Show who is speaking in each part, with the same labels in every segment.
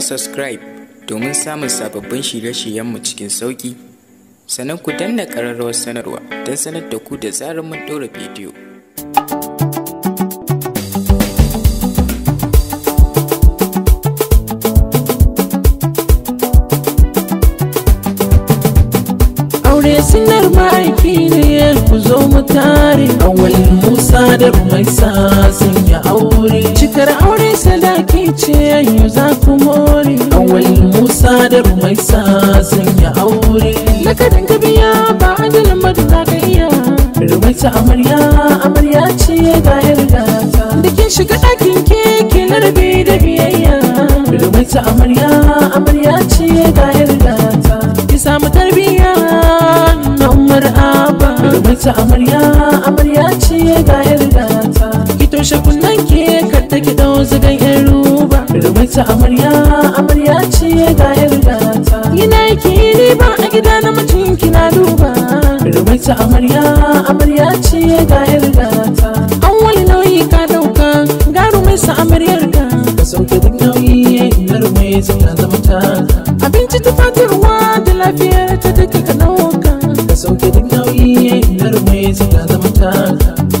Speaker 1: mana subscribe domin samun sababbin shirye-shiryenmu cikin sauƙi sannan ku danna ƙararrawar sanarwa don sanar da ku da zarar mun ɗora bidiyo aure sinar mahaifi ne ku zo mu tare wani musa da rumaisa sun ce yau za ku more awal musa da rumaisa sun yi aure Na ka biya ba a jalin za ka iya rumaisa amarya amarya ce ga yarda da ke shiga ɗakin keke na rabe da biyayya rumaisa amarya amarya ce ga yarda gata ki samu tarbiyya na umar aba rumaisa amarya amarya ce ga yarda gata ki toshe kunnen ke kar ta ki ɗau zagan yaro ruwa ta amarya amarya ce ga yarda ta ina ki ni ba a gida na mutum kina duba ta amarya amarya ce ga yarda ta an wani nauyi ka dauka ga sa amaryar ka ka sauke duk nauyi na rumaita na zama ta abinci ta tufatarwa da lafiyar ta take ka dauka ka sauke duk nauyi na rumaita na zama ta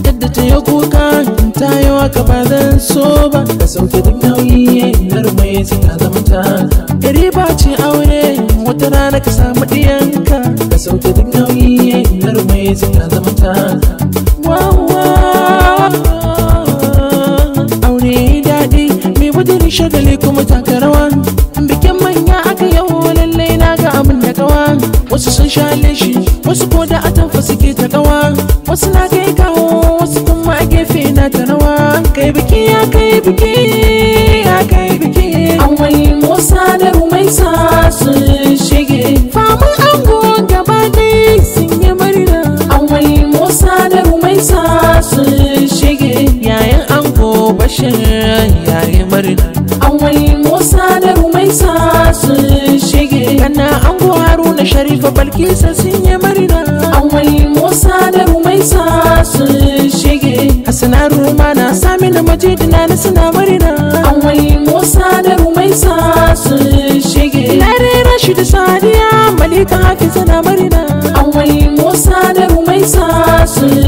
Speaker 1: yadda ta yi kuka ta yi ka ba zan so ba ka sauke duk nauyi jarumai suka zama ta gari ba ce aure wata rana ka samu ɗiyanka ka sauke duk nauyi jarumai suka zama ta wawa aure daɗi mai wajen shagali kuma taka rawa bikin manya aka yawo lallai na ga abin da kawa wasu sun sha leshi wasu ko da atamfa suke ta kawa wasu na kai kawo wasu kuma a gefe na ta rawa kai biki ya kai biki shin yayi murna awali musa da rumaisa sun shige kana ango haruna sharifa balkisa sun yi murna awali musa da rumaisa sun shige hasana ruma na sami na majid na na suna murna awali musa da rumaisa sun shige na rera shi da sadiya malika hafiza na murna awali musa da rumaisa sun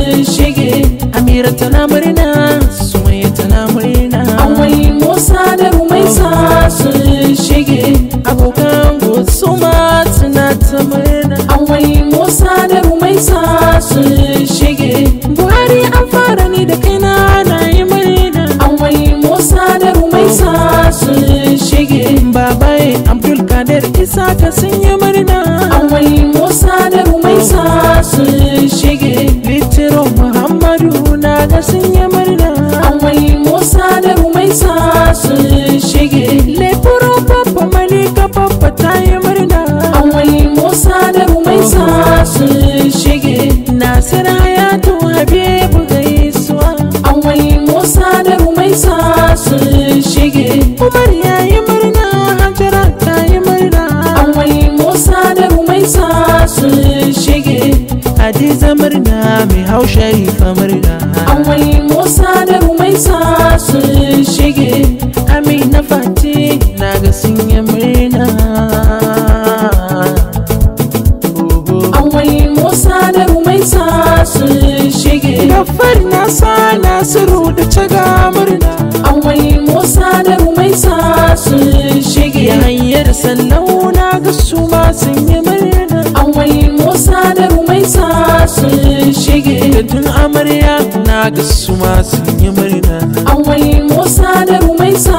Speaker 1: Senhor. Assim, murna mai haushari fa murna awal musa da rumaisa sun shige amina fati na ga sun yi murna awal musa da rumaisa sun shige gafar nasa nasiru da caga murna awal musa da rumaisa sun shige Ya hanyar sannan na ga su ma sun yi murna sun shige tun amarya na gasu su ma sun yi murna awai musa da rumaisa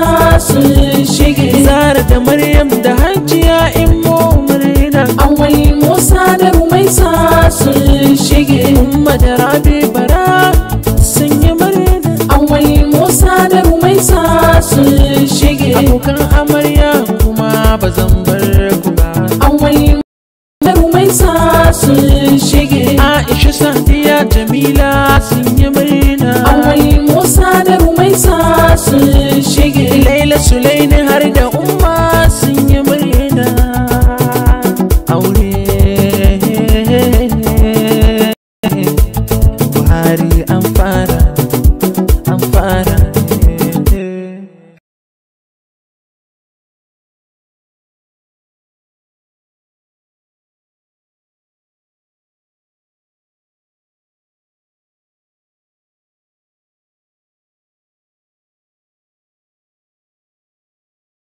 Speaker 1: sun shige zara da maryam da hajiya in mo murna awai musa da rumaisa sun shige umma da rabi bara sun yi murna awai musa da rumaisa sun shige abokan amarya kuma ba zan